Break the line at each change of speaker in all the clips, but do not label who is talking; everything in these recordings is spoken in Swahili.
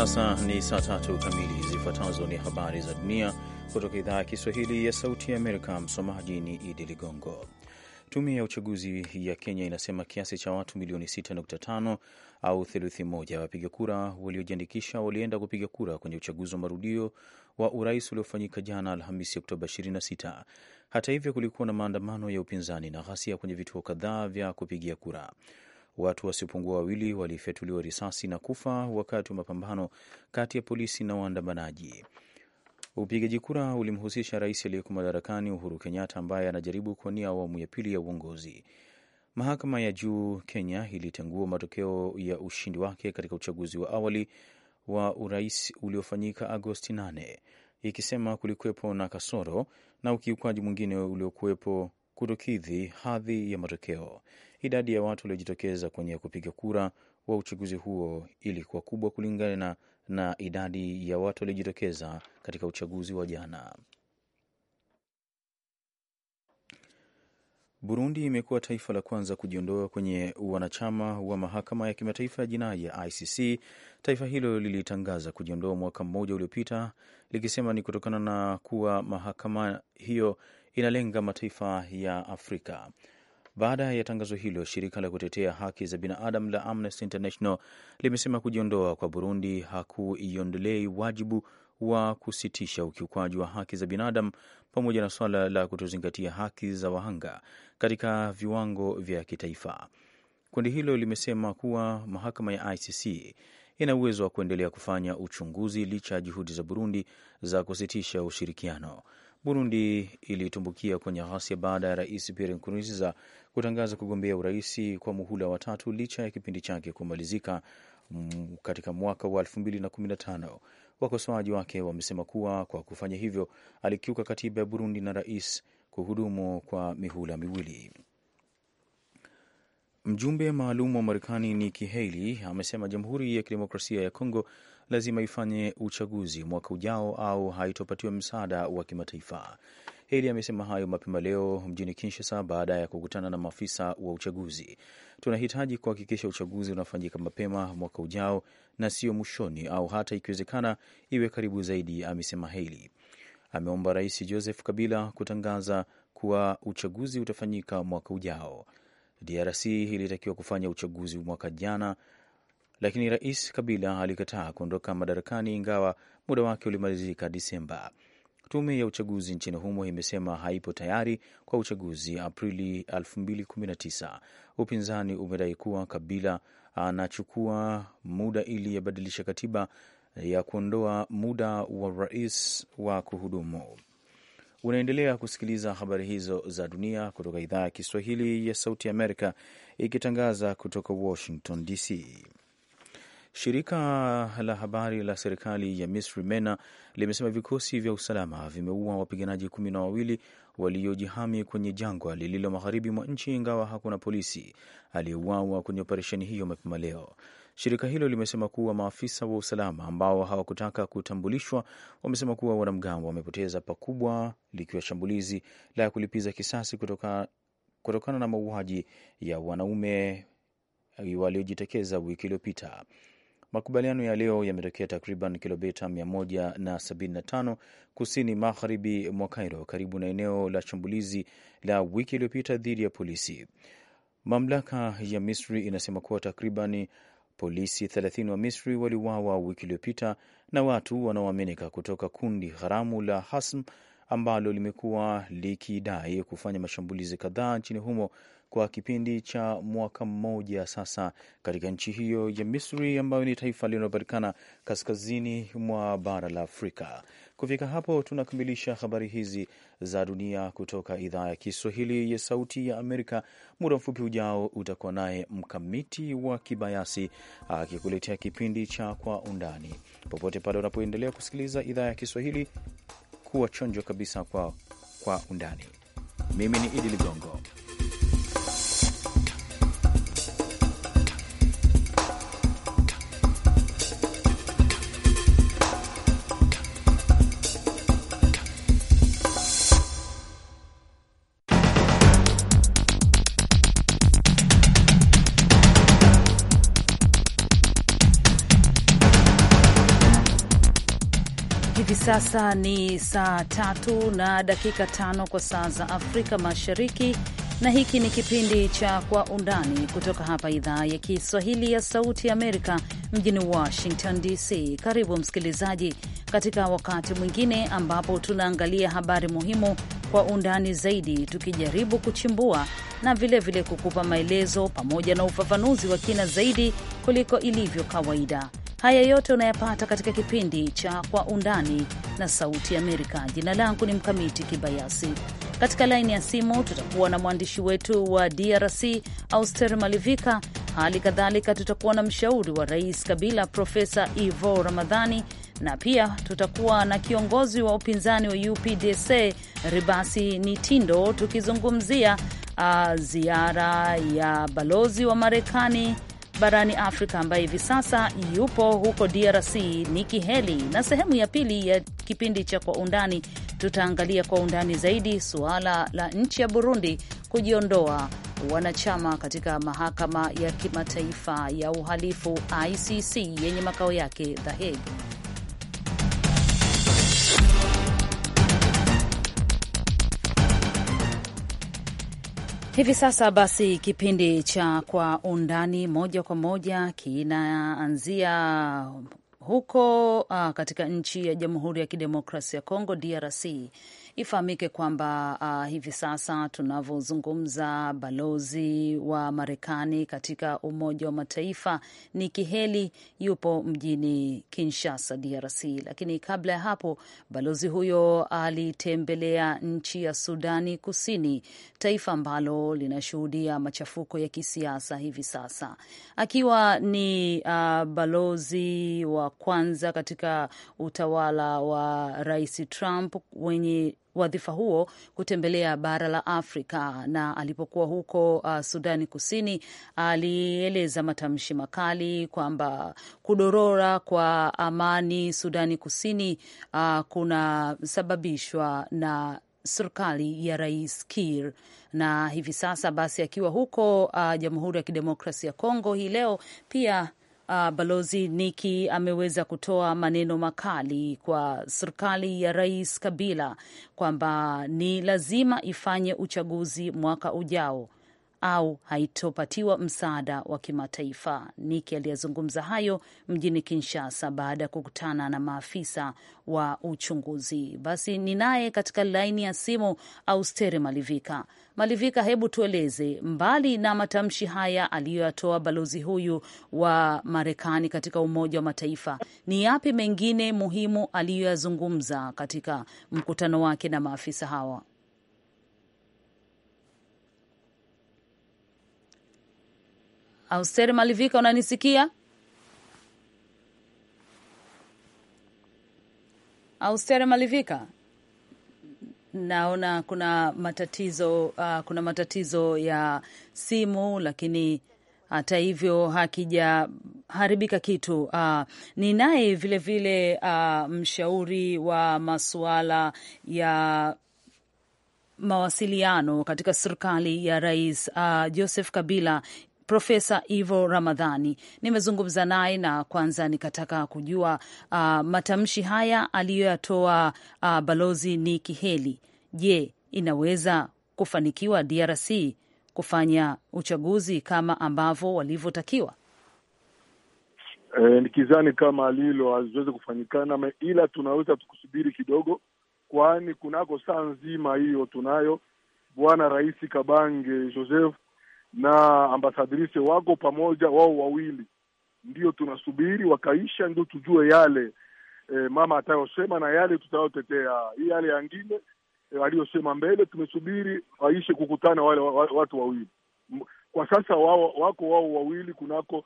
sasa ni saa tatu kamili. Zifuatazo ni habari za dunia kutoka idhaa ya Kiswahili ya Sauti ya Amerika. Msomaji ni Idi Ligongo. Tume ya uchaguzi ya Kenya inasema kiasi cha watu milioni 6.5 au theluthi moja ya wapiga kura waliojiandikisha walienda kupiga kura kwenye uchaguzi wa marudio wa urais uliofanyika jana Alhamisi, Oktoba 26. Hata hivyo, kulikuwa na maandamano ya upinzani na ghasia kwenye vituo kadhaa vya kupigia kura. Watu wasiopungua wawili walifyatuliwa risasi na kufa wakati wa mapambano kati ya polisi na waandamanaji. Upigaji kura ulimhusisha rais aliyeko madarakani Uhuru Kenyatta ambaye anajaribu kuwania awamu ya pili ya uongozi. Mahakama ya juu Kenya ilitengua matokeo ya ushindi wake katika uchaguzi wa awali wa urais uliofanyika Agosti 8 ikisema kulikuwepo na kasoro na ukiukwaji mwingine uliokuwepo kutokidhi hadhi ya matokeo. Idadi ya watu waliojitokeza kwenye kupiga kura wa uchaguzi huo ilikuwa kubwa kulingana na idadi ya watu waliojitokeza katika uchaguzi wa jana. Burundi imekuwa taifa la kwanza kujiondoa kwenye wanachama wa mahakama ya kimataifa ya jinai ya ICC. Taifa hilo lilitangaza kujiondoa mwaka mmoja uliopita, likisema ni kutokana na kuwa mahakama hiyo inalenga mataifa ya Afrika. Baada ya tangazo hilo, shirika la kutetea haki za binadamu la Amnesty International limesema kujiondoa kwa Burundi hakuiondolei wajibu wa kusitisha ukiukwaji wa haki za binadamu pamoja na suala la kutozingatia haki za wahanga katika viwango vya kitaifa. Kundi hilo limesema kuwa mahakama ya ICC ina uwezo wa kuendelea kufanya uchunguzi licha ya juhudi za Burundi za kusitisha ushirikiano. Burundi ilitumbukia kwenye ghasia baada ya rais Pierre Nkurunziza kutangaza kugombea urais kwa muhula wa tatu licha ya kipindi chake kumalizika katika mwaka wa 2015. Wakosoaji wake wamesema kuwa kwa kufanya hivyo alikiuka katiba ya Burundi na rais kuhudumu kwa mihula miwili. Mjumbe maalum wa Marekani Nikki Haley amesema Jamhuri ya Kidemokrasia ya Kongo lazima ifanye uchaguzi mwaka ujao au haitopatiwa msaada wa kimataifa. Heli amesema hayo mapema leo mjini Kinshasa baada ya kukutana na maafisa wa uchaguzi. Tunahitaji kuhakikisha uchaguzi unafanyika mapema mwaka ujao na sio mwishoni au hata ikiwezekana iwe karibu zaidi, amesema Heli. Ameomba Rais Joseph Kabila kutangaza kuwa uchaguzi utafanyika mwaka ujao. DRC ilitakiwa kufanya uchaguzi mwaka jana lakini Rais Kabila alikataa kuondoka madarakani ingawa muda wake ulimalizika Disemba. Tume ya uchaguzi nchini humo imesema haipo tayari kwa uchaguzi Aprili 2019. Upinzani umedai kuwa Kabila anachukua muda ili yabadilisha katiba ya kuondoa muda wa rais wa kuhudumu. Unaendelea kusikiliza habari hizo za dunia kutoka idhaa ya Kiswahili ya Sauti Amerika, ikitangaza kutoka Washington DC. Shirika la habari la serikali ya Misri MENA limesema vikosi vya usalama vimeua wapiganaji kumi na wawili waliojihami kwenye jangwa lililo magharibi mwa nchi, ingawa hakuna polisi aliyeuawa kwenye operesheni hiyo mapema leo. Shirika hilo limesema kuwa maafisa wa usalama ambao hawakutaka kutambulishwa wamesema kuwa wanamgambo wamepoteza pakubwa, likiwa shambulizi la kulipiza kisasi kutoka, kutokana na mauaji ya wanaume waliojitokeza wiki iliyopita. Makubaliano ya leo yametokea takriban kilomita 175 kusini magharibi mwa Cairo, karibu na eneo la shambulizi la wiki iliyopita dhidi ya polisi. Mamlaka ya Misri inasema kuwa takriban polisi 30 wa Misri waliuawa wiki iliyopita na watu wanaoaminika kutoka kundi haramu la Hasm ambalo limekuwa likidai kufanya mashambulizi kadhaa nchini humo kwa kipindi cha mwaka mmoja sasa katika nchi hiyo ya Misri ambayo ni taifa linalopatikana kaskazini mwa bara la Afrika. Kufika hapo, tunakamilisha habari hizi za dunia kutoka idhaa ya Kiswahili ya Sauti ya Amerika. Muda mfupi ujao utakuwa naye Mkamiti wa Kibayasi akikuletea kipindi cha Kwa Undani. Popote pale unapoendelea kusikiliza idhaa ya Kiswahili kuwa chonjo kabisa kwa kwa undani. Mimi ni Idi Ligongo.
sasa ni saa tatu na dakika tano kwa saa za Afrika Mashariki, na hiki ni kipindi cha Kwa Undani kutoka hapa idhaa ya Kiswahili ya Sauti ya Amerika mjini Washington DC. Karibu msikilizaji, katika wakati mwingine ambapo tunaangalia habari muhimu kwa undani zaidi, tukijaribu kuchimbua na vilevile vile kukupa maelezo pamoja na ufafanuzi wa kina zaidi kuliko ilivyo kawaida. Haya yote unayapata katika kipindi cha Kwa Undani na Sauti Amerika. Jina langu ni Mkamiti Kibayasi. Katika laini ya simu tutakuwa na mwandishi wetu wa DRC Auster Malivika. Hali kadhalika tutakuwa na mshauri wa Rais Kabila Profesa Ivo Ramadhani, na pia tutakuwa na kiongozi wa upinzani wa UPDC Ribasi Nitindo tukizungumzia uh, ziara ya balozi wa Marekani barani Afrika ambaye hivi sasa yupo huko DRC, Niki Heli. Na sehemu ya pili ya kipindi cha Kwa Undani tutaangalia kwa undani zaidi suala la nchi ya Burundi kujiondoa wanachama katika mahakama ya kimataifa ya uhalifu ICC yenye makao yake The Hague. Hivi sasa basi, kipindi cha Kwa Undani moja kwa moja kinaanzia huko ah, katika nchi ya Jamhuri ya Kidemokrasia ya Kongo, DRC Ifahamike kwamba uh, hivi sasa tunavyozungumza balozi wa Marekani katika Umoja wa Mataifa Nikki Haley yupo mjini Kinshasa, DRC. Lakini kabla ya hapo balozi huyo alitembelea nchi ya Sudani Kusini, taifa ambalo linashuhudia machafuko ya kisiasa hivi sasa, akiwa ni uh, balozi wa kwanza katika utawala wa Rais Trump wenye wadhifa huo kutembelea bara la Afrika na alipokuwa huko uh, Sudani Kusini alieleza matamshi makali kwamba kudorora kwa amani Sudani Kusini uh, kunasababishwa na serikali ya Rais Kiir na hivi sasa basi akiwa huko uh, Jamhuri ya Kidemokrasia ya Kongo hii leo pia uh, Balozi Niki ameweza kutoa maneno makali kwa serikali ya Rais Kabila kwamba ni lazima ifanye uchaguzi mwaka ujao au haitopatiwa msaada wa kimataifa. Niki aliyezungumza hayo mjini Kinshasa baada ya kukutana na maafisa wa uchunguzi. Basi ni naye katika laini ya simu Austere Malivika. Malivika, hebu tueleze, mbali na matamshi haya aliyoyatoa balozi huyu wa Marekani katika Umoja wa Mataifa, ni yapi mengine muhimu aliyoyazungumza katika mkutano wake na maafisa hawa? Auster Malivika, unanisikia? Auster Malivika, naona kuna matatizo uh, kuna matatizo ya simu lakini hata hivyo hakijaharibika kitu. Uh, ni naye vilevile uh, mshauri wa masuala ya mawasiliano katika serikali ya Rais uh, Joseph Kabila Profesa Ivo Ramadhani. Nimezungumza naye na kwanza nikataka kujua uh, matamshi haya aliyoyatoa uh, Balozi Nikki Haley, je, inaweza kufanikiwa DRC kufanya uchaguzi kama ambavyo walivyotakiwa?
E, nikizani kama alilo haziwezi kufanyikana, ila tunaweza tukusubiri kidogo, kwani kunako saa nzima hiyo tunayo Bwana Rais Kabange Joseph na ambasadrise wako pamoja, wao wawili ndio tunasubiri wakaisha, ndio tujue yale e, mama atayosema na yale tutayotetea. Hii yale yangine e, aliyosema mbele, tumesubiri waishe kukutana wale watu wawili. Kwa sasa wao wako wao wawili kunako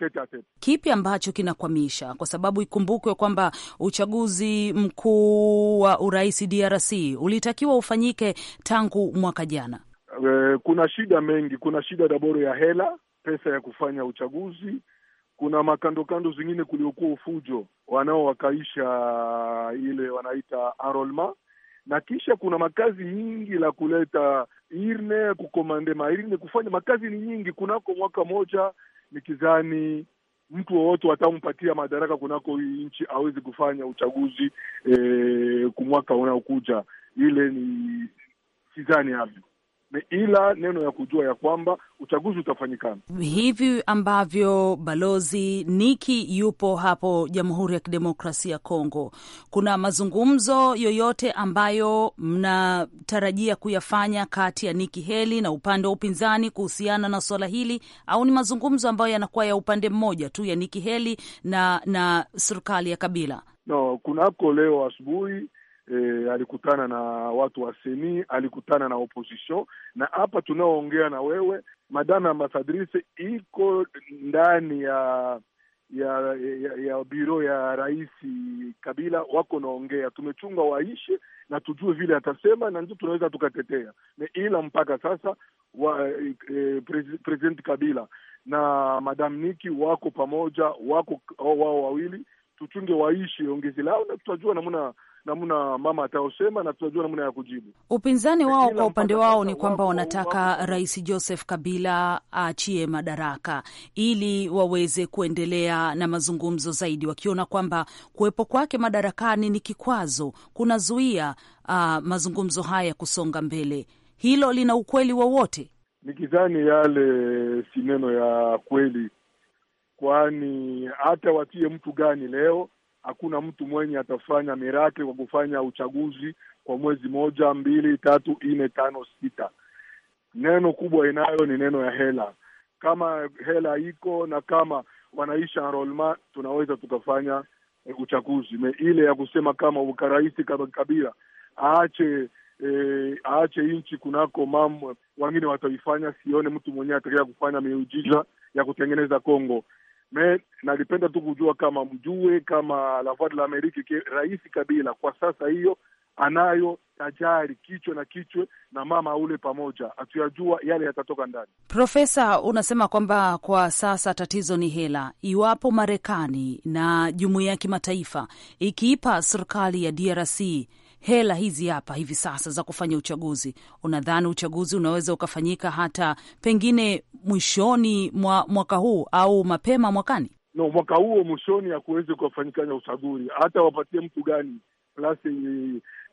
eh,
Kipi ambacho kinakwamisha? Kwa sababu ikumbukwe kwamba uchaguzi mkuu wa urais DRC ulitakiwa ufanyike tangu mwaka jana.
E, kuna shida mengi. Kuna shida daboro ya hela, pesa ya kufanya uchaguzi. Kuna makandokando zingine kuliokuwa ufujo wanaowakaisha ile wanaita arolma, na kisha kuna makazi nyingi la kuleta irne kukomande mairne kufanya makazi ni nyingi kunako mwaka moja, nikizani mtu wowote watampatia madaraka kunako hii nchi awezi kufanya uchaguzi e, kumwaka unaokuja ile ni sidhani havyo ila neno ya kujua ya kwamba uchaguzi utafanyikana.
Hivi ambavyo balozi Niki yupo hapo Jamhuri ya Kidemokrasia ya Kongo, kuna mazungumzo yoyote ambayo mnatarajia kuyafanya kati ya Niki Heli na upande wa upinzani kuhusiana na swala hili, au ni mazungumzo ambayo yanakuwa ya upande mmoja tu ya Niki Heli na na serikali ya Kabila?
No, kunako leo asubuhi E, alikutana na watu wa seni, alikutana na opposition, na hapa tunaoongea na wewe, madame ambasadrice iko ndani ya ya ya, ya biro ya rais Kabila, wako naongea, tumechunga waishe na tujue vile atasema, na ndio tunaweza tukatetea na ila mpaka sasa wa, e, president Kabila na madame Niki wako pamoja, wako wao wawili, tuchunge waishi ongezi lao na tutajua namna namna mama ataosema na tutajua namna ya kujibu.
Upinzani wao kwa upande wao ni kwamba wanataka Rais Joseph Kabila aachie madaraka ili waweze kuendelea na mazungumzo zaidi, wakiona kwamba kuwepo kwake madarakani ni kikwazo, kunazuia uh, mazungumzo haya kusonga mbele. Hilo lina ukweli wowote?
Nikidhani yale si neno ya kweli, kwani hata watie mtu gani leo hakuna mtu mwenye atafanya mirake kwa kufanya uchaguzi kwa mwezi moja, mbili, tatu, nne, tano, sita. Neno kubwa inayo ni neno ya hela. Kama hela iko na kama wanaisha enrollment, tunaweza tukafanya e, uchaguzi Me ile ya kusema kama ukaraisi kama Kabila aache E, aache nchi kunako mambo wengine wataifanya. Sione mtu mwenyewe atakaye kufanya miujiza ya kutengeneza Kongo. Me, nalipenda tu kujua kama mjue kama la voix de l'Amerique, Rais Kabila kwa sasa hiyo anayo tajari kichwa na kichwe na mama ule pamoja, hatuyajua yale yatatoka ndani.
Profesa, unasema kwamba kwa sasa tatizo ni hela. Iwapo Marekani na jumuiya ya kimataifa ikiipa serikali ya DRC hela hizi hapa hivi sasa za kufanya uchaguzi, unadhani uchaguzi unaweza ukafanyika hata pengine mwishoni mwa mwaka huu au mapema mwakani?
No, mwaka huo mwishoni akuwezi kufanyikana uchaguzi, hata wapatie mtu gani plasi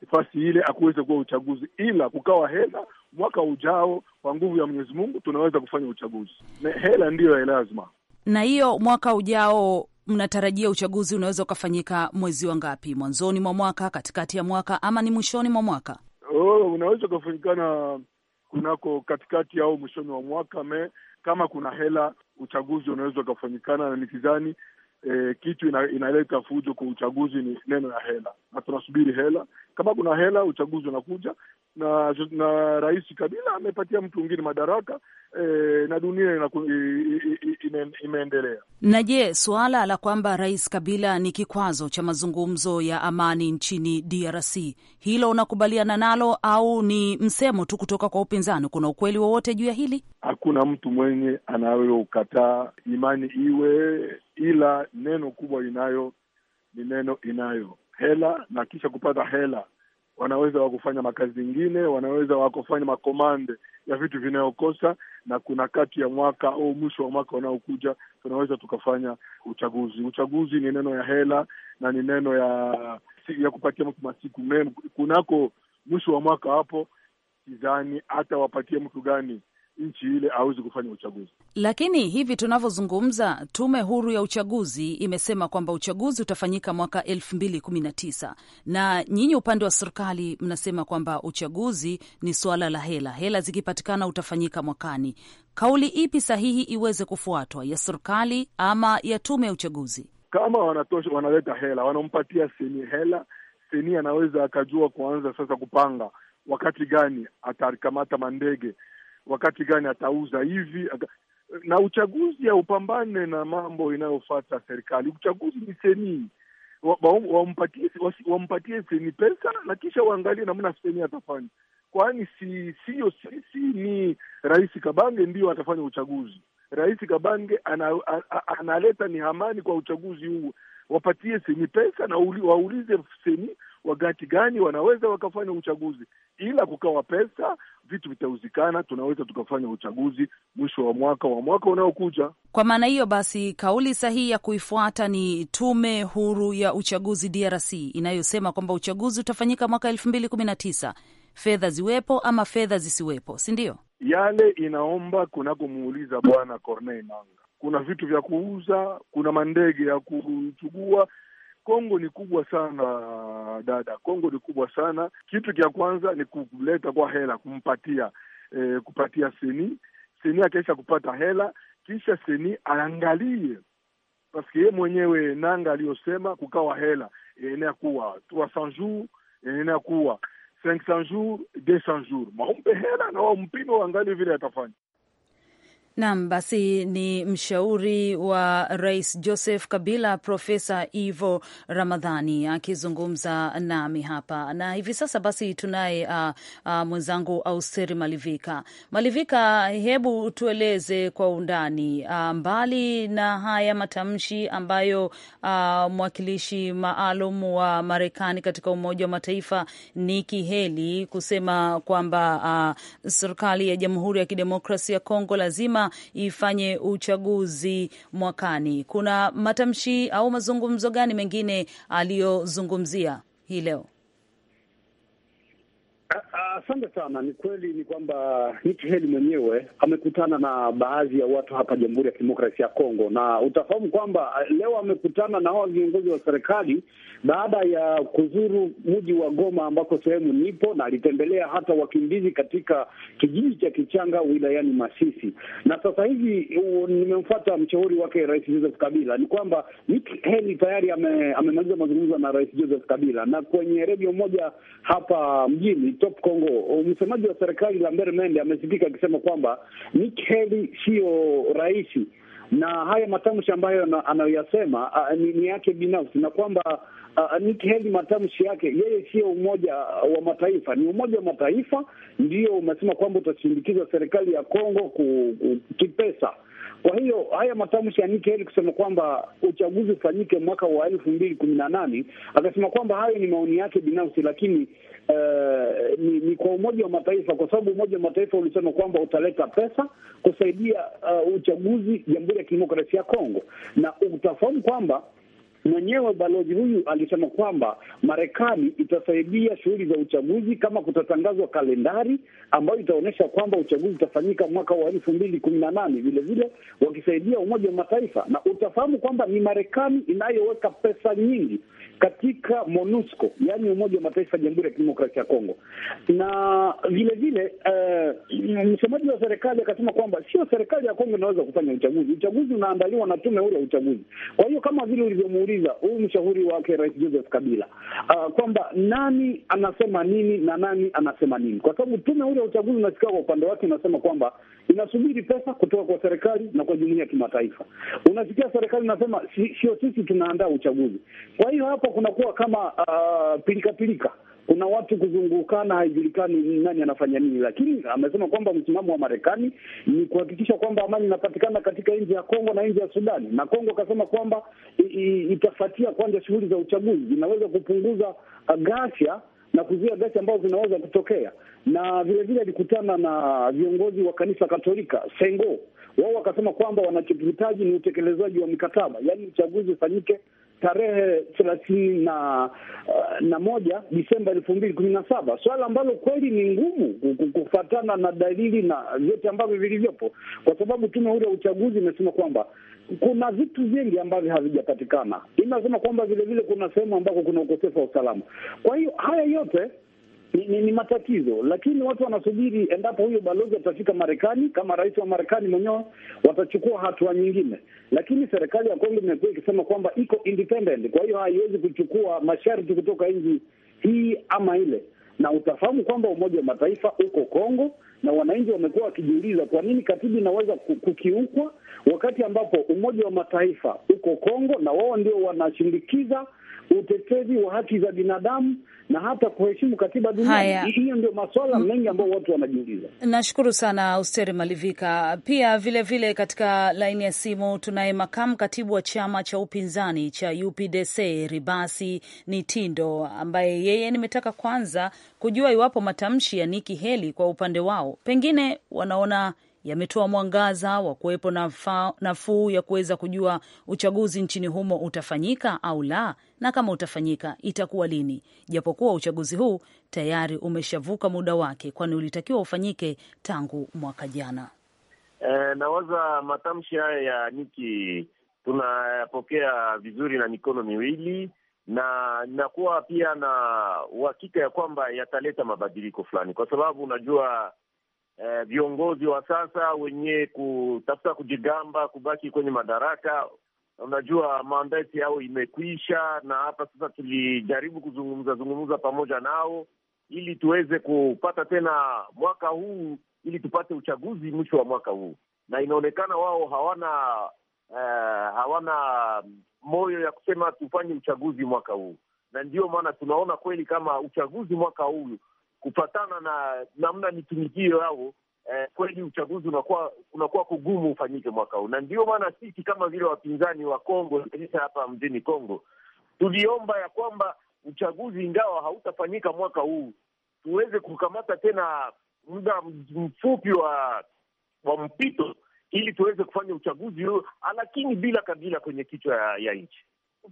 nafasi ile akuweze kuwa uchaguzi, ila kukawa hela mwaka ujao, kwa nguvu ya Mwenyezi Mungu tunaweza kufanya uchaguzi na hela ndiyo ya lazima.
Na hiyo mwaka ujao mnatarajia uchaguzi unaweza ukafanyika mwezi wa ngapi? Mwanzoni mwa mwaka, katikati ya mwaka, ama ni mwishoni mwa mwaka?
Oh, unaweza ukafanyikana kunako katikati au mwishoni wa mwaka me kama kuna hela uchaguzi unaweza ukafanyikana, na nikizani eh, kitu inaleta fujo kwa uchaguzi ni neno ya hela, na tunasubiri hela kama kuna hela, uchaguzi unakuja na na Rais Kabila amepatia mtu mwingine madaraka e, na dunia imeendelea.
Na je, suala la kwamba Rais Kabila ni kikwazo cha mazungumzo ya amani nchini DRC, hilo unakubaliana nalo au ni msemo tu kutoka kwa upinzani? Kuna ukweli wowote juu ya hili?
Hakuna mtu mwenye anayokataa imani iwe, ila neno kubwa inayo ni neno inayo hela na kisha kupata hela wanaweza wakufanya makazi mengine, wanaweza wakufanya makomande ya vitu vinayokosa, na kuna kati ya mwaka au mwisho wa mwaka unaokuja tunaweza tukafanya uchaguzi. Uchaguzi ni neno ya hela na ni neno ya ya kupatia mtu masiku mema kunako mwisho wa mwaka. Hapo sidhani hata wapatie mtu gani nchi ile hawezi kufanya uchaguzi.
Lakini hivi tunavyozungumza, tume huru ya uchaguzi imesema kwamba uchaguzi utafanyika mwaka elfu mbili kumi na tisa na nyinyi upande wa serikali mnasema kwamba uchaguzi ni suala la hela, hela zikipatikana utafanyika mwakani. Kauli ipi sahihi iweze kufuatwa, ya serikali ama ya tume ya uchaguzi?
Kama wanatosha, wanaleta hela, wanampatia seni hela, seni anaweza akajua kuanza sasa kupanga wakati gani atakamata mandege wakati gani atauza hivi na uchaguzi haupambane na mambo inayofata serikali. Uchaguzi ni seni wampatie seni pesa na kisha waangalie namna seni atafanya, kwani si sio sisi si, ni Rais Kabange ndiyo atafanya uchaguzi. Rais Kabange ana, a, analeta ni amani kwa uchaguzi huu, wapatie seni pesa na uli, waulize seni wakati gani wanaweza wakafanya uchaguzi, ila kukawa pesa, vitu vitauzikana, tunaweza tukafanya uchaguzi mwisho wa mwaka wa mwaka unaokuja.
Kwa maana hiyo basi, kauli sahihi ya kuifuata ni tume huru ya uchaguzi DRC inayosema kwamba uchaguzi utafanyika mwaka elfu mbili kumi na tisa fedha ziwepo ama fedha zisiwepo, si ndio?
Yale inaomba kunakomuuliza Bwana Corneille Nanga, kuna vitu vya kuuza, kuna mandege ya kuchugua Kongo ni kubwa sana dada, Kongo ni kubwa sana. Kitu cha kwanza ni kuleta kwa hela, kumpatia eh, kupatia seni seni, akaisha kupata hela, kisha seni aangalie paske ye mwenyewe nanga aliyosema kukawa hela eneakuwa trois cent jours kuwa cinq cent jours deux cent jours maumpe hela na wao mpimo, waangalie vile atafanya.
Nam, basi ni mshauri wa rais Joseph Kabila, Profesa Ivo Ramadhani akizungumza nami hapa na hivi sasa. Basi tunaye uh, uh, mwenzangu Austeri Malivika. Malivika, hebu tueleze kwa undani uh, mbali na haya matamshi ambayo uh, mwakilishi maalum wa Marekani katika Umoja wa Mataifa Nikki Haley kusema kwamba uh, serikali ya Jamhuri ya Kidemokrasia ya Kongo lazima ifanye uchaguzi mwakani. Kuna matamshi au mazungumzo gani mengine aliyozungumzia hii leo?
Asante uh, uh, sana. Ni kweli ni kwamba Nikki Haley mwenyewe amekutana na baadhi ya watu hapa Jamhuri ya Kidemokrasia ya Kongo, na utafahamu kwamba leo amekutana na hawa viongozi wa serikali baada ya kuzuru mji wa Goma ambako sehemu nipo, na alitembelea hata wakimbizi katika kijiji cha Kichanga wilayani Masisi. Na sasa hivi nimemfuata mshauri wake Rais Joseph Kabila, ni kwamba Nikki Haley tayari amemaliza ame mazungumzo na Rais Joseph Kabila, na kwenye redio moja hapa mjini Top Congo, msemaji wa serikali Lambert Mende amesikika akisema kwamba Nikki Haley siyo rais na haya matamshi ambayo anayoyasema ni yake binafsi na kwamba uh, Nikki Haley matamshi yake, yeye sio Umoja wa Mataifa. Ni Umoja wa Mataifa ndio umesema kwamba utashindikiza serikali ya Kongo kipesa. Kwa hiyo haya matamshi ya Nikki Haley kusema kwamba uchaguzi ufanyike mwaka wa elfu mbili kumi na nane, akasema kwamba hayo ni maoni yake binafsi, lakini uh, ni, ni kwa Umoja wa Mataifa, kwa sababu Umoja wa Mataifa ulisema kwamba utaleta pesa kusaidia uh, uchaguzi Jamhuri ya Kidemokrasia ya Kongo, na utafahamu kwamba Mwenyewe balozi huyu alisema kwamba Marekani itasaidia shughuli za uchaguzi kama kutatangazwa kalendari ambayo itaonyesha kwamba uchaguzi utafanyika mwaka wa elfu mbili kumi na nane vilevile wakisaidia Umoja wa Mataifa, na utafahamu kwamba ni Marekani inayoweka pesa nyingi katika MONUSCO, yaani Umoja wa Mataifa Jamhuri ya Kidemokrasia ya Kongo. Na vilevile uh, eh, msemaji wa serikali akasema kwamba sio serikali ya Kongo inaweza kufanya uchaguzi. Uchaguzi unaandaliwa na tume huru ya uchaguzi. Kwa hiyo kama vile ulivyomuuliza ukiuliza huyu mshauri wake Rais Joseph Kabila uh, kwamba nani anasema nini na nani anasema nini, kwa sababu tume ule uchaguzi unasikia kwa upande wake inasema kwamba inasubiri pesa kutoka kwa serikali na kwa jumuiya ya kimataifa. Unasikia serikali inasema sio sisi tunaandaa uchaguzi. Kwa hiyo hapa kunakuwa kama uh, pilika pilika kuna watu kuzungukana, haijulikani nani anafanya nini, lakini amesema kwamba msimamo wa Marekani ni kuhakikisha kwamba amani inapatikana katika nchi ya Kongo na nchi ya Sudani, na Kongo akasema kwamba itafuatia kwanza shughuli za uchaguzi, inaweza kupunguza ghasia na kuzuia gasi ambazo zinaweza kutokea. Na vilevile alikutana na viongozi wa kanisa Katolika Sengo, wao wakasema kwamba wanachokihitaji ni utekelezaji wa mikataba, yaani uchaguzi ufanyike tarehe thelathini na uh, na moja Disemba elfu mbili kumi na saba, swala ambalo kweli ni ngumu kufatana na dalili na vyote ambavyo vilivyopo, kwa sababu tume huru ya uchaguzi imesema kwamba kuna vitu vingi ambavyo havijapatikana. Inasema kwamba vilevile kuna sehemu ambako kuna ukosefu wa usalama. Kwa hiyo haya yote ni, ni, ni matatizo, lakini watu wanasubiri endapo huyo balozi atafika Marekani, kama rais wa Marekani mwenyewe watachukua hatua nyingine. Lakini serikali ya Kongo imekuwa ikisema kwamba iko independent, kwa hiyo haiwezi kuchukua masharti kutoka nchi hii ama ile, na utafahamu kwamba Umoja wa Mataifa uko Kongo na wananchi wamekuwa wakijiuliza kwa nini katiba inaweza kukiukwa wakati ambapo Umoja wa Mataifa uko Kongo na wao ndio wanashindikiza utetezi wa haki za binadamu na hata kuheshimu katiba duniani. Hiyo ndio masuala mengi ambayo watu wanajiuliza.
Nashukuru sana Usteri Malivika. Pia vilevile vile katika laini ya simu tunaye makamu katibu wa chama cha upinzani cha UPDC Ribasi ni tindo ambaye yeye nimetaka kwanza kujua iwapo matamshi ya Nikki Haley kwa upande wao pengine wanaona yametoa mwangaza wa kuwepo na nafuu ya kuweza kujua uchaguzi nchini humo utafanyika au la, na kama utafanyika itakuwa lini, japokuwa uchaguzi huu tayari umeshavuka muda wake, kwani ulitakiwa ufanyike tangu mwaka jana.
E, nawaza matamshi haya ya Niki tunayapokea vizuri na mikono miwili na inakuwa pia na uhakika ya kwamba yataleta mabadiliko fulani, kwa sababu unajua eh, viongozi wa sasa wenye kutafuta kujigamba kubaki kwenye madaraka. Unajua, mandati yao imekwisha, na hapa sasa tulijaribu kuzungumza zungumza pamoja nao ili tuweze kupata tena mwaka huu, ili tupate uchaguzi mwisho wa mwaka huu, na inaonekana wao hawana uh, hawana moyo ya kusema tufanye uchaguzi mwaka huu, na ndio maana tunaona kweli kama uchaguzi mwaka huu kufatana na namna nitumikio yao eh, kweli uchaguzi unakuwa unakuwa kugumu ufanyike mwaka huu, na ndio maana sisi kama vile wapinzani wa Kongo hasa hapa mjini Kongo tuliomba ya kwamba uchaguzi ingawa hautafanyika mwaka huu tuweze kukamata tena muda mfupi wa wa mpito ili tuweze kufanya uchaguzi huo, lakini bila kabila kwenye kichwa ya, ya nchi.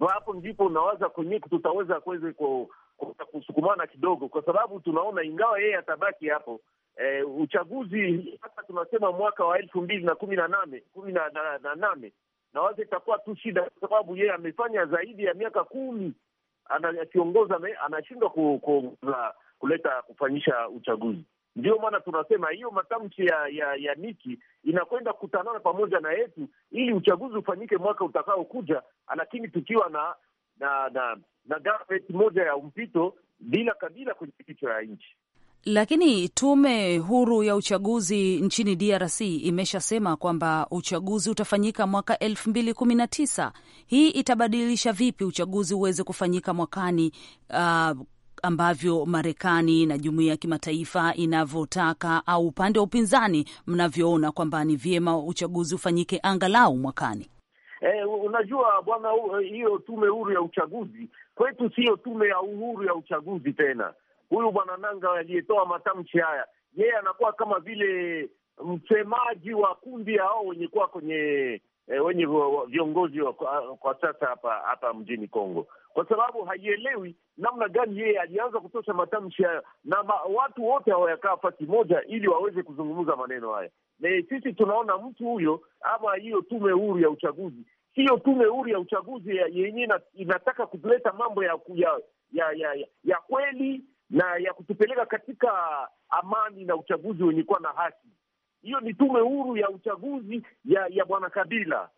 Hapo ndipo unawaza kwenye tutaweza kuweze kuna kusukumana kidogo, kwa sababu tunaona ingawa yeye atabaki hapo e, uchaguzi hata tunasema mwaka wa elfu mbili na kumi na nane kumi na, na, na nane nawaza itakuwa tu shida, kwa sababu yeye amefanya zaidi ya miaka kumi akiongoza, anashindwa ku, ku, kuleta kufanyisha uchaguzi. Ndio maana tunasema hiyo matamshi ya, ya, ya Niki inakwenda kutanana pamoja na yetu ili uchaguzi ufanyike mwaka utakaokuja, lakini tukiwa na na na na gaveti moja ya mpito bila Kabila kwenye kichwa ya nchi.
Lakini tume huru ya uchaguzi nchini DRC imeshasema kwamba uchaguzi utafanyika mwaka elfu mbili kumi na tisa. Hii itabadilisha vipi uchaguzi uweze kufanyika mwakani uh, ambavyo Marekani na jumuiya ya kimataifa inavyotaka au upande wa upinzani mnavyoona kwamba ni vyema uchaguzi ufanyike angalau mwakani?
Eh, unajua bwana, hiyo tume huru ya uchaguzi Kwetu siyo tume ya uhuru ya uchaguzi tena. Huyu bwana Nanga aliyetoa matamshi haya, yeye anakuwa kama vile msemaji wa kundi hao wenye kuwa kwenye eh, wenye viongozi wa kwa sasa hapa hapa mjini Kongo, kwa sababu haielewi namna gani yeye alianza kutosha matamshi hayo, na ma, watu wote hawayakaa fasi moja ili waweze kuzungumza maneno haya. Na sisi tunaona mtu huyo ama hiyo tume huru ya uchaguzi hiyo tume huru ya uchaguzi yenyewe inataka kuleta mambo ya, ya, ya, ya, ya kweli na ya kutupeleka katika amani na uchaguzi wenye kuwa na haki. Hiyo ni tume huru ya uchaguzi ya, ya bwana Kabila,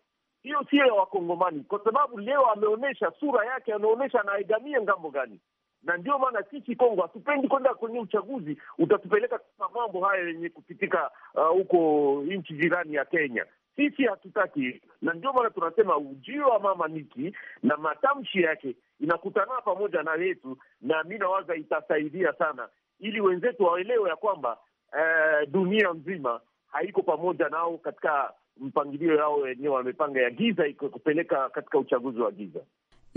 hiyo sio ya Wakongomani, kwa sababu leo ameonyesha sura yake, ameonyesha anaegamia ngambo gani, na ndio maana sisi Kongo hatupendi kwenda kwenye uchaguzi utatupeleka katika mambo haya yenye kupitika uh, huko uh, nchi jirani ya Kenya. Sisi hatutaki, na ndio maana tunasema ujio wa mama Niki na matamshi yake inakutana pamoja na yetu, na mi nawaza itasaidia sana, ili wenzetu waelewe ya kwamba eh, dunia nzima haiko pamoja nao katika mpangilio yao wenyewe wamepanga ya giza, kupeleka katika uchaguzi wa giza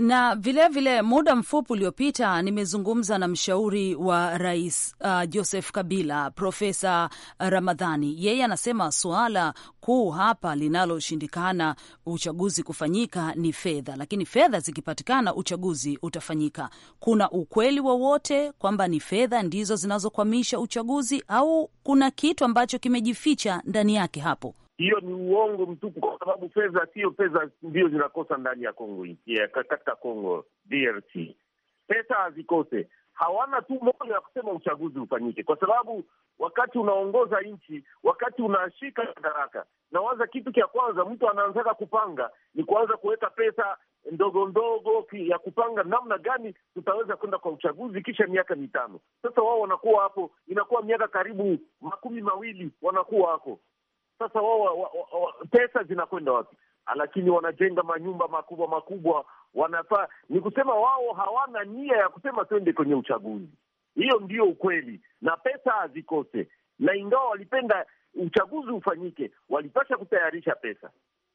na vilevile vile, muda mfupi uliopita nimezungumza na mshauri wa rais uh, Joseph Kabila, Profesa Ramadhani. Yeye anasema suala kuu hapa linaloshindikana uchaguzi kufanyika ni fedha, lakini fedha zikipatikana uchaguzi utafanyika. Kuna ukweli wowote kwamba ni fedha ndizo zinazokwamisha uchaguzi au kuna kitu ambacho kimejificha ndani yake hapo?
hiyo ni uongo mtupu, kwa sababu fedha sio pesa ndio zinakosa ndani ya Kongo, yeah, katika Kongo DRC pesa hazikose. Hawana tu moyo ya kusema uchaguzi ufanyike, kwa sababu wakati unaongoza nchi, wakati unashika madaraka, nawaza kitu cha kwanza mtu anaanzaka kupanga ni kuanza kuweka pesa ndogo ndogo ya kupanga namna gani tutaweza kwenda kwa uchaguzi kisha miaka mitano. Sasa wao wanakuwa hapo, inakuwa miaka karibu makumi mawili wanakuwa hapo, sasa wao wa, wa, wa, pesa zinakwenda wapi? Ah, lakini wanajenga manyumba makubwa makubwa, wanafaa ni kusema wao hawana nia ya kusema twende kwenye uchaguzi. Hiyo ndio ukweli, na pesa hazikose, na ingawa walipenda uchaguzi ufanyike, walipasha kutayarisha pesa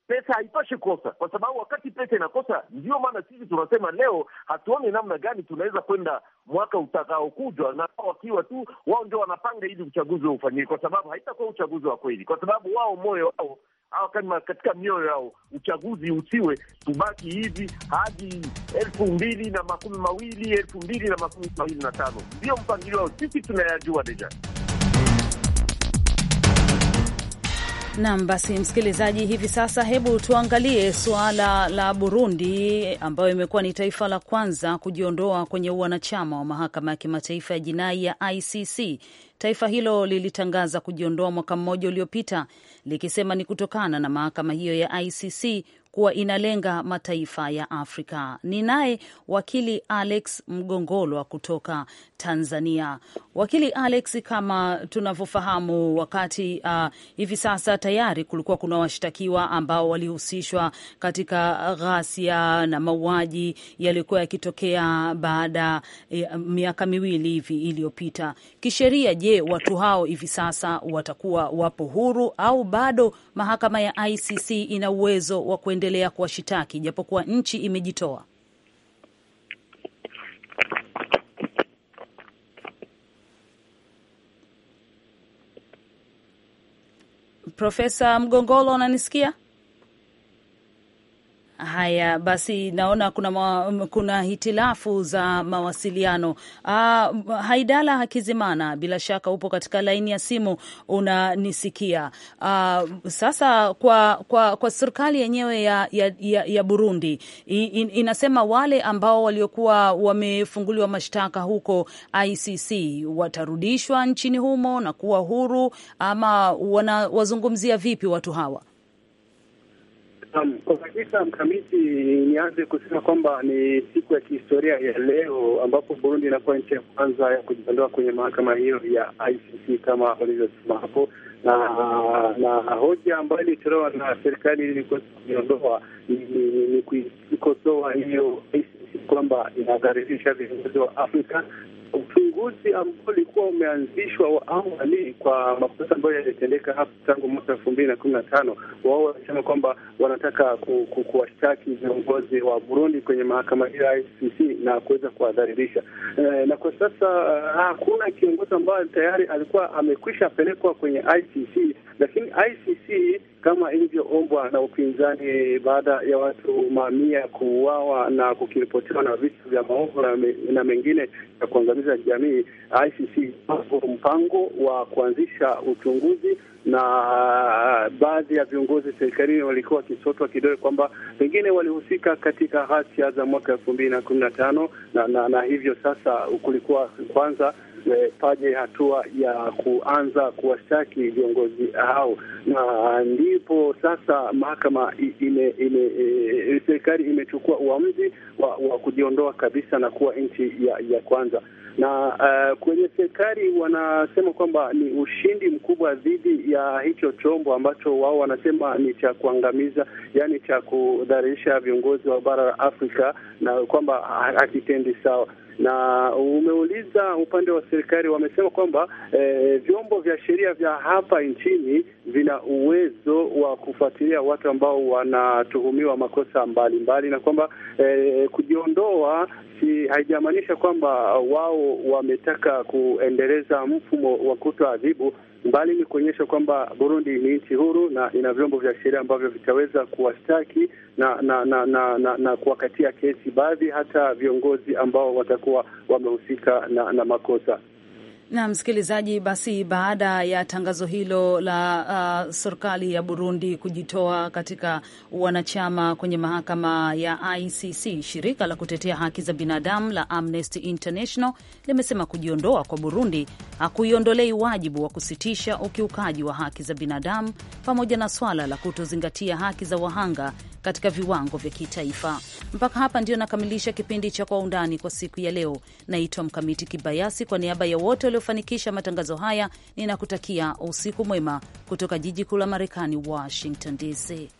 pesa haitoshi kosa, kwa sababu wakati pesa inakosa, ndio maana sisi tunasema leo hatuoni namna gani tunaweza kwenda mwaka utakaokujwa, na wakiwa tu wao ndio wanapanga ili uchaguzi ufanyike, kwa sababu haitakuwa uchaguzi wa kweli, kwa sababu wao moyo wao au kama katika mioyo yao uchaguzi usiwe, tubaki hivi hadi elfu mbili na makumi mawili elfu mbili na makumi mawili na tano ndio mpangilio wao. Sisi tunayajua deja.
Nam, basi msikilizaji, hivi sasa hebu tuangalie suala la Burundi ambayo imekuwa ni taifa la kwanza kujiondoa kwenye uwanachama wa mahakama ya kimataifa ya jinai ya ICC. Taifa hilo lilitangaza kujiondoa mwaka mmoja uliopita likisema ni kutokana na mahakama hiyo ya ICC kuwa inalenga mataifa ya Afrika. Ni naye wakili Alex Mgongolwa kutoka Tanzania. Wakili Alex, kama tunavyofahamu, wakati uh, hivi sasa tayari kulikuwa kuna washtakiwa ambao walihusishwa katika ghasia na mauaji yaliyokuwa yakitokea baada ya miaka miwili hivi iliyopita. Kisheria, je, watu hao hivi sasa watakuwa wapo huru au bado mahakama ya ICC ina uwezo wa kuendelea kuendelea kuwashitaki japokuwa nchi imejitoa? Profesa Mgongolo, unanisikia? Haya basi, naona kuna, ma, kuna hitilafu za mawasiliano. Ah, Haidala Hakizimana, bila shaka upo katika laini ya simu unanisikia. Ah, sasa kwa, kwa, kwa serikali yenyewe ya, ya, ya, ya Burundi in, inasema wale ambao waliokuwa wamefunguliwa mashtaka huko ICC watarudishwa nchini humo na kuwa huru, ama wana, wazungumzia vipi watu hawa?
Kwa kabisa Mkamiti, nianze kusema kwamba ni siku ya kihistoria ya leo ambapo Burundi inakuwa nchi ya kwanza ya kujiondoa kwenye mahakama hiyo ya ICC kama walivyosema hapo, na na hoja ambayo ilitolewa na serikali ili kujiondoa ni kuikosoa hiyo ICC kwamba inagharirisha viongozi wa Afrika uchunguzi ambao ulikuwa umeanzishwa wa awali kwa makosa ambayo yalitendeka hapo tangu mwaka elfu mbili na kumi na tano, wao wanasema kwamba wanataka ku, ku, kuwashtaki viongozi wa Burundi kwenye mahakama hiyo ya ICC na kuweza kuwadhalilisha e, na kwa sasa eh, hakuna kiongozi ambayo tayari alikuwa amekwisha pelekwa kwenye ICC, lakini ICC kama ilivyoombwa na upinzani baada ya watu mamia kuuawa na kukiripotiwa na visa vya maovu na mengine ya kuangamiza jamii, ICC mpango wa kuanzisha uchunguzi na baadhi ya viongozi serikalini walikuwa wakisotwa kidole kwamba pengine walihusika katika ghasia za mwaka elfu mbili na kumi na tano na, na hivyo sasa kulikuwa kwanza ifanye hatua ya kuanza kuwashtaki viongozi hao, na ndipo sasa mahakama ime, ime, ime, serikali imechukua uamuzi wa, wa kujiondoa kabisa na kuwa nchi ya, ya kwanza na uh, kwenye serikali wanasema kwamba ni ushindi mkubwa dhidi ya hicho chombo ambacho wao wanasema ni cha kuangamiza, yaani cha kudharisha viongozi wa bara la Afrika na kwamba hakitendi sawa na umeuliza upande wa serikali, wamesema kwamba eh, vyombo vya sheria vya hapa nchini vina uwezo wa kufuatilia watu ambao wanatuhumiwa makosa mbalimbali mbali, na kwamba eh, kujiondoa si haijamaanisha kwamba wao wametaka kuendeleza mfumo wa kutoadhibu mbali ni kuonyesha kwamba Burundi ni nchi huru na ina vyombo vya sheria ambavyo vitaweza kuwashtaki na na na na, na, na kuwakatia kesi baadhi hata viongozi ambao watakuwa wamehusika na, na makosa.
Na msikilizaji, basi baada ya tangazo hilo la uh, serikali ya Burundi kujitoa katika wanachama kwenye mahakama ya ICC, shirika la kutetea haki za binadamu la Amnesty International limesema kujiondoa kwa Burundi hakuiondolei wajibu wa kusitisha ukiukaji wa haki za binadamu pamoja na swala la kutozingatia haki za wahanga katika viwango vya kitaifa. Mpaka hapa ndio nakamilisha kipindi cha Kwa Undani kwa siku ya leo. Naitwa Mkamiti Kibayasi. Kwa niaba ya wote waliofanikisha matangazo haya, ninakutakia usiku mwema kutoka jiji kuu la Marekani, Washington DC.